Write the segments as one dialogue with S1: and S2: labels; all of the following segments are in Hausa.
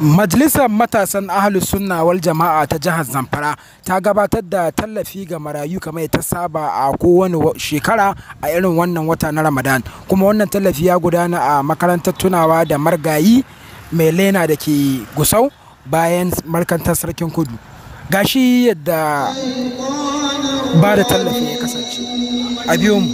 S1: Majalisar Matasan Ahlu Sunna wal Jama'a ta Jihar Zamfara ta gabatar da tallafi ga marayu kamar ta saba a kowane shekara a irin wannan wata na Ramadan. Kuma wannan tallafi ya gudana a makarantar tunawa da margayi mai lena da ke gusau bayan markantar sarkin kudu. Gashi yadda
S2: ba da tallafi ya kasance. A biyo mu.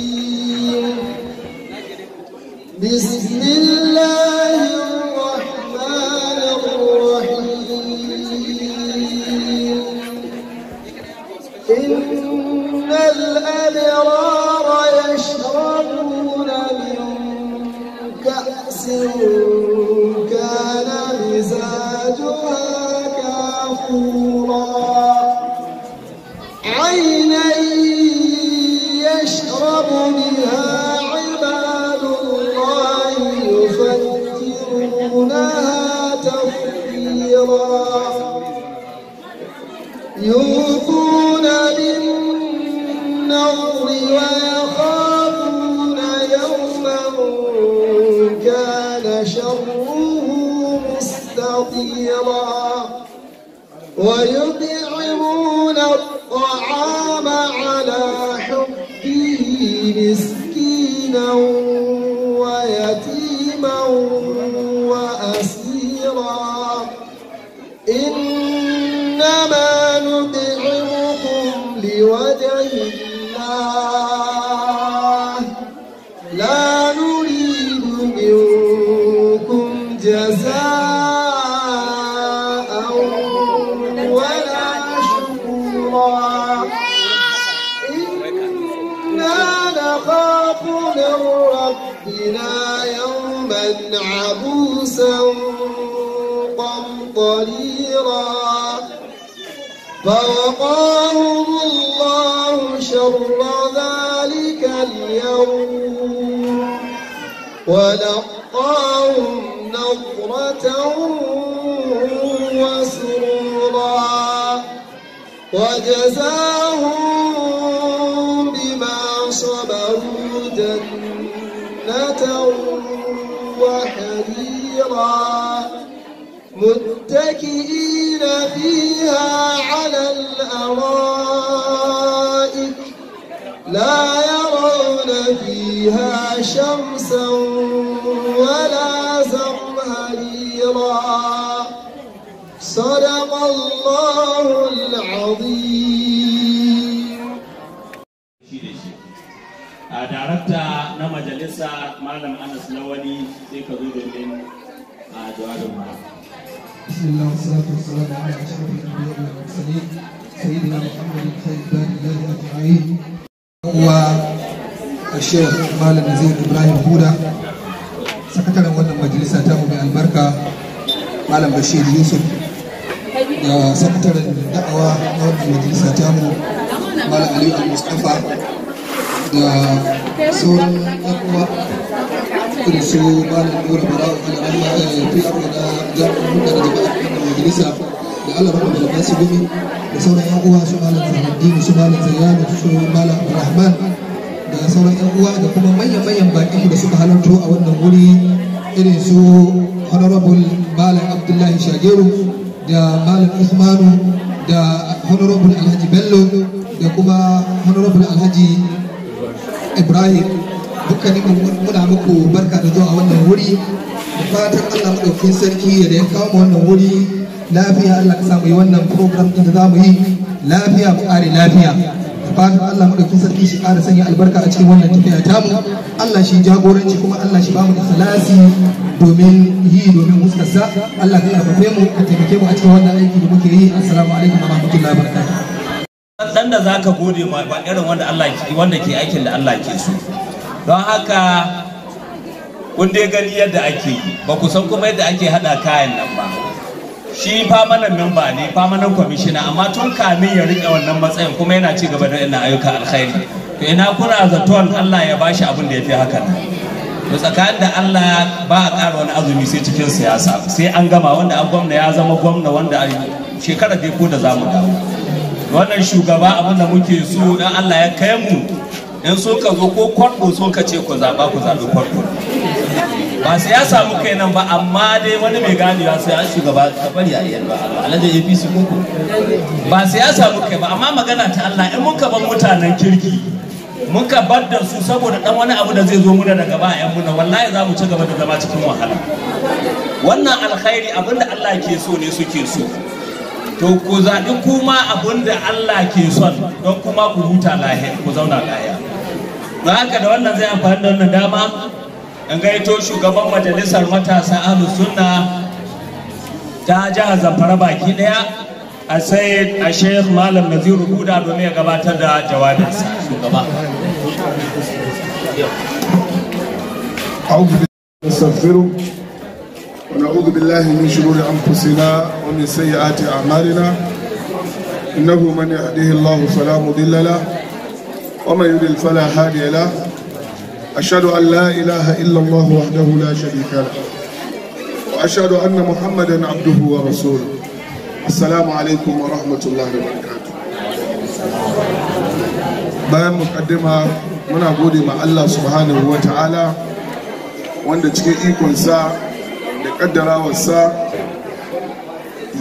S2: حكما وأسيرا يوما عبوسا قمطريرا فوقاهم الله شر ذلك اليوم ولقاهم نظرة وسرورا وجزاهم بما صبروا جنة جنة وحريرا متكئين فيها على الأرائك لا يرون فيها شمسا ولا زمهريرا صدق الله العظيم
S1: Darakta na majalisa Malam Anas Lawani zai ka zo domin a jawabin ma.
S2: Bismillah salatu wassalamu ala ashrafil anbiya wal mursalin sayyidina Muhammadin sayyidina Allah ya ta'ayi wa Sheikh Malam Zain Ibrahim Huda sakataren wannan majalisa ta mu mai albarka Malam Bashir Yusuf da sakataren da'awa na wannan majalisa ta mu Malam Aliyu Al-Mustafa da sauran yan uwa da su malam dora bara'u al'amma pr na jami'in hulɗa da jama'a da majalisa da allah rahama da masu gumi da sauran yan uwa su malam farhaddini su malam zayyano su malam abdulrahman da sauran yan uwa da kuma manyan manyan baƙi da suka halarto a wannan wuri irin su honorable malam abdullahi shageru da malam usmanu da honorable alhaji bello da kuma honorable alhaji ibrahim dukkanin muna muku barka da zuwa wannan wuri fatan allah madaukakin sarki da ya kawo wannan wuri lafiya allah ka samu yi wannan program din da zamu yi lafiya mu kare lafiya fatan allah madaukakin sarki shi kara sanya albarka a cikin wannan tafiya mu allah shi jagoranci kuma allah shi bamu salasi domin yi domin huskarsa allah ka karfafe mu ka taimake mu a cikin wannan aiki da muke yi assalamu alaikum wa rahmatullahi wa barakatuh
S1: dan da zaka gode ma ba irin wanda Allah wanda ke aikin da Allah ke so don haka kun dai gani yadda ake yi ba ku san kuma yadda ake hada kayan nan ba shi famanan memba ne famanan kwamishina amma tun kamin ya rike wannan matsayin kuma yana ci gaba da ina ayyuka alkhairi to ina kuna zaton Allah ya bashi abin da ya fi haka to tsakanin da Allah ba a ƙara wani azumi sai cikin siyasa sai an gama wanda an gwamna ya zama gwamna wanda shekara dai ko da zamu dawo wannan shugaba abin da muke so dan Allah ya kai mu in so ka zo ko kwarɗo so ka ce ku zaɓa ku zaɓi kwarɗo ba sai ya samu kai nan ba amma dai wani mai gani ya sai shugaba ka bari a iya ba alhaji APC koko ba sai ya samu kai ba amma magana ta Allah in ka bar mutanen kirki Mun ka bar da su saboda dan wani abu da zai zo muna daga ba yan muna wallahi za mu ci gaba da zama cikin wahala wannan alkhairi abinda Allah ke so ne suke so to ku zaɓi kuma abin da Allah ke son don kuma ku huta lahiya ku zauna lahiya ba haka da wannan zai amfani da wannan dama in gaito shugaban majalisar matasa ahlu sunna ta jihar zamfara baki ɗaya a sai a sheikh malam naziru buda domin ya gabatar da jawabinsa shugaba
S3: أعوذ بالله ونعوذ بالله من شرور أنفسنا ومن سيئات أعمالنا إنه من يهديه الله فلا مضل له ومن يضلل فلا هادي له أشهد أن لا إله إلا الله وحده لا شريك له وأشهد أن محمدا عبده ورسوله السلام عليكم ورحمة الله وبركاته bayan mukaddima muna gode ma Allah subhanahu wa ta'ala wanda cikin ikonsa kaddarawarsa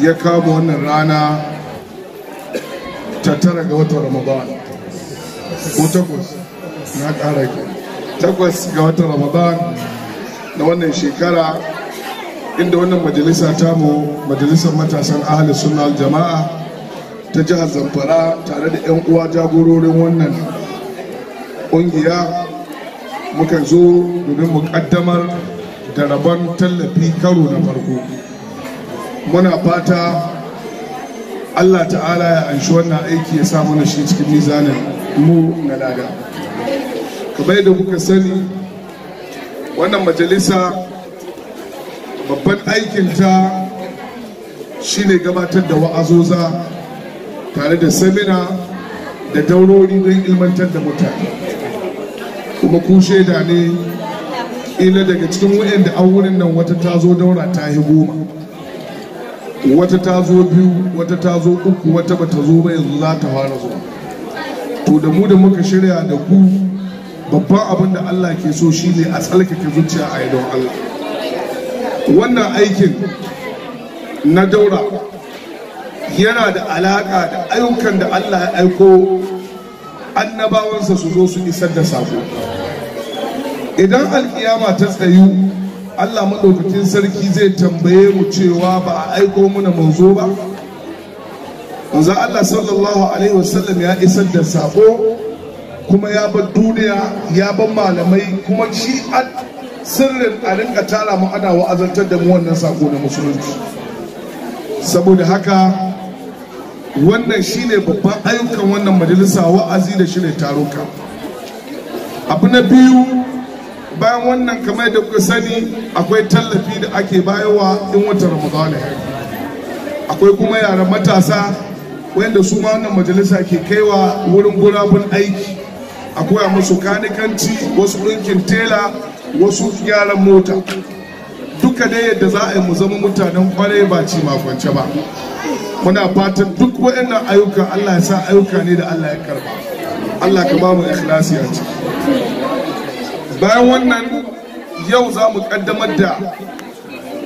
S3: ya kama wannan rana ta tara ga watan ramadan ko takwas na ƙara ke takwas ga watan ramadan na wannan shekara inda wannan majalisa ta mu majalisar matasan ahalin suna jama'a ta jihar zamfara tare da 'yan uwa jagororin wannan ƙungiya muka zo domin mu ƙaddamar da rabon tallafi karo na farko muna fata allah ta'ala ya anshi wannan aiki ya sa mana shi cikin mizanin mu na lada kamar yadda kuka sani wannan majalisa babban aikinta shine gabatar da wa'azoza tare da samina da daurori don ilmantar da mutane kuma ku shaida ne daga cikin wa'yan da wurin nan wata ta zo daura ta yi goma wata ta biyu wata ta uku wata bata zo ba yanzu za ta fara zuwa to da mu da muka shirya da ku babban abin da Allah ke so shi ne a tsalkake zuciya a don Allah wannan aikin na daura yana da alaƙa da ayyukan da Allah ya aiko annabawansa su zo su isar da sako idan alkiyama ta tsayu Allah maɗaukakin sarki zai tambaye mu cewa ba a aiko muna manzo ba Za Allah sallallahu alaihi wasallam ya isar da sabo kuma ya bar duniya ya bar malamai kuma shi sirrin a rinka tara mu ana wa'azantar da mu wannan sako na musulunci saboda haka wannan shine babban ayyukan wannan majalisa wa'azi da shine taruka abu na biyu bayan wannan kamar da kuka sani akwai tallafi da ake bayowa in wata ramadana akwai kuma yaran matasa wanda su ma wannan majalisa ke kaiwa wurin gurabun aiki akwai masu kanikanci wasu ɗinkin tela wasu gyaran mota duka dai yadda za a yi mu zama mutanen kwarai ba ci makwance ba muna fatan duk waɗannan ayyuka Allah ya sa ayyuka ne da Allah ya karba Allah ka ba mu ikhlasi a bayan wannan yau za mu kaddamar da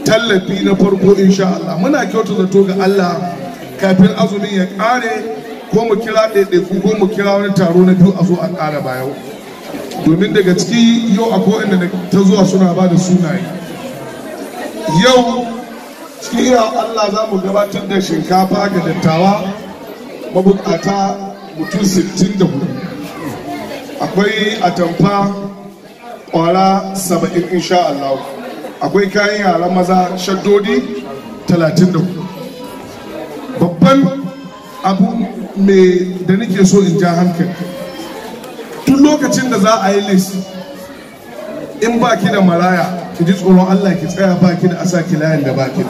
S3: tallafi na farko insha Allah muna kyautu zato ga Allah kafin azumin ya kare ko mu kira ɗaiɗaiku ko mu kira wani taro na biyu a zo a ƙara bayan domin daga ciki yau a inda ta zuwa suna ba da sunaye yau cikin Allah za mu gabatar da shinkafa ga dattawa mabukata mutum sittin da 64 akwai atamfa kwara saba'in insha Allah akwai kayan yaran maza shaddodi talatin da babban abu mai da nake so in ja hankali tun lokacin da za a yi list in baki da maraya ki ji tsoron Allah ki tsaya baki da asa ki layan da baki.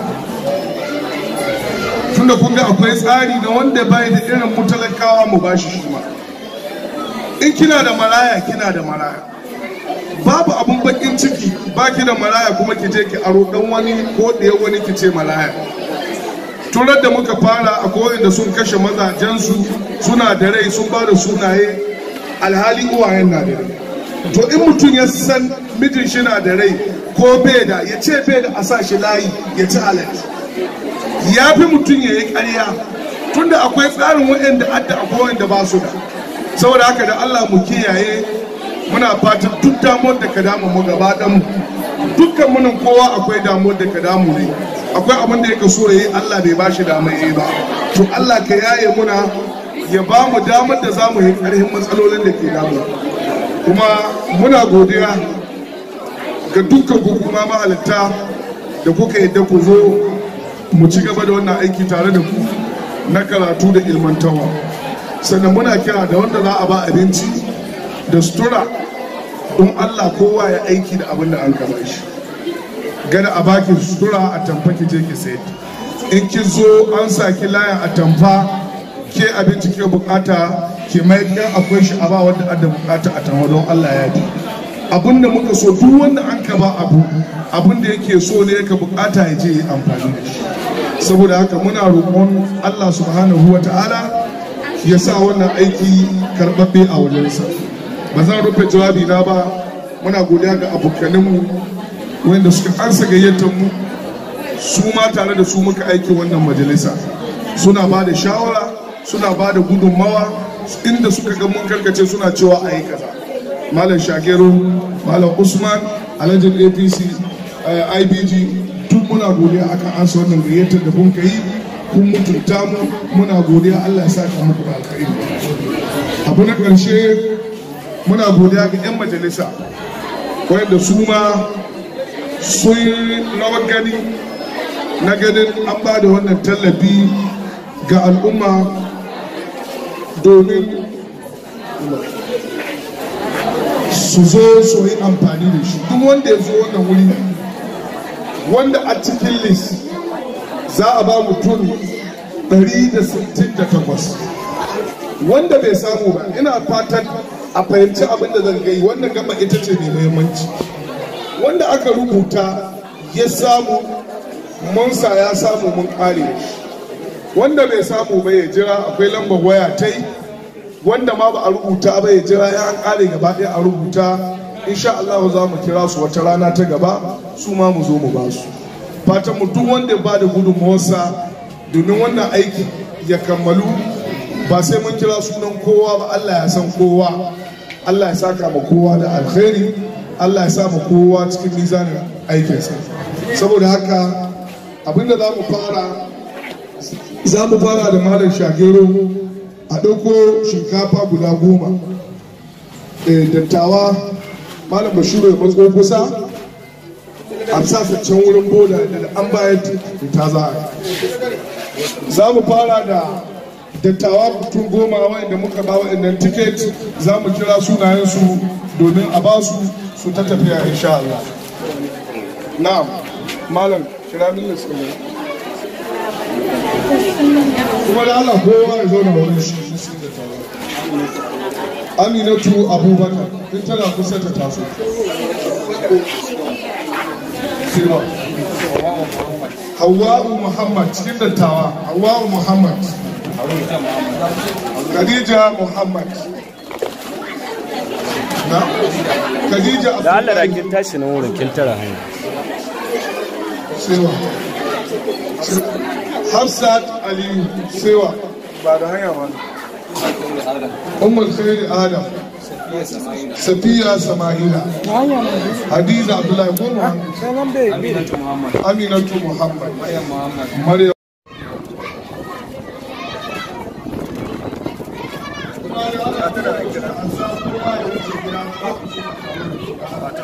S3: tun da tunda kun ga akwai tsari na wanda bai da irin mutalakawa mu bashi shi ma in kina da maraya kina da maraya babu abun bakin ciki baki da maraya kuma ki je ki aro dan wani ko ɗaya wani ki ce maraya turar da muka fara a koyin da sun kashe mazajensu suna da rai sun ba da sunaye alhali uwayen na da to in mutum ya san mijin shi na da rai ko bai da ya ce bai da a sa shi layi ya ci alat ya fi mutum ya yi ƙarya tunda akwai tsarin waɗanda adda akwai da ba su da saboda haka da Allah mu kiyaye muna fatan duk damuwar da ka damu mu gaba ɗan dukkan munan kowa akwai damuwar da ka damu ne akwai abin da yake so yayi Allah bai ba shi damar yayi ba to Allah ka yaye muna ya ba mu damar da za mu yi ƙarfin matsalolin da ke damu kuma muna godiya ga dukkan hukuma mahalitta da kuka yadda ku zo mu ci gaba da wannan aiki tare da ku na karatu da ilmantawa sannan muna kira da wanda za a ba abinci da sutura don Allah kowa ya aiki da abin da an kama shi gada a baki sutura a tamfa ki je ki sayar in ki zo an saki laya a tamfa ke abinci ke bukata ke mai akwai shi a ba wanda adda bukata a tamfa don Allah ya ji abin da muka so duk wanda an kaba abu abin da yake so ne ka bukata ya je ya amfani da shi saboda haka muna roƙon Allah subhanahu wa ta'ala ya sa wannan aiki karɓaɓɓe a wajensa. ba zan rufe jawabi na ba muna godiya ga abokaninmu wanda suka ansa gayyatar mu su ma tare da su muka aiki wannan majalisa suna ba da shawara suna ba da gudunmawa inda suka ga mun karkace suna cewa a yi kaza malam shagero malam usman alhajin apc eh, ibg duk muna godiya akan ansa wannan gayyatar da kun yi kun mutunta mu muna godiya allah ya saka muku da alkhairi abu na ƙarshe muna godiya ga 'yan majalisa da su ma sun rawar gani na ganin an ba da wannan tallafi ga al'umma domin su zo su yi amfani da shi duk wanda ya zo wannan wuri wanda a cikin list za a ba mutum 168 wanda bai samu ba ina fatan a fahimci abin da zan gai wannan gaba ita ce mai muhimmanci wanda aka rubuta ya samu monsa ya samu mun kare wanda bai samu ba ya jira akwai lambar waya ta yi wanda ma ba a rubuta ba ya jira ya an kare gaba ɗaya a rubuta insha Allah za mu kira su wata rana ta gaba su ma mu zo mu ba su fatan mu duk wanda ba da gudunmawarsa domin wannan aiki ya kammalu ba sai mun kira sunan kowa ba Allah ya san kowa Allah ya saka ma kowa da alkhairi Allah ya sa ma kowa cikin mizanin aikinsa saboda haka abinda za mu fara za mu fara da malam shagero a ɗauko shinkafa guda goma eh, dattawa malam bashiru ya matso kusa a sa can wurin boda da an bayar ta za za mu fara da dattawa mutum goma wa'anda muka ba wa'annan tiket za mu kira sunayensu domin a ba su su ta tafiya insha Allah na'am malam kira min lissafi kuma da Allah kowa ya zauna wurin shi aminatu abubakar in tana kusa ta taso hawa'u muhammad cikin dattawa hawa'u muhammad خديجة محمد نعم خديجة لا لا تاشي
S1: نور كنت راهن سيوا
S3: حفصة علي سيوا بعد هيا أم الخير آدم safiya sama'ila hadiza abdullahi goma aminatu muhammad maryam tana da gida
S1: ba ta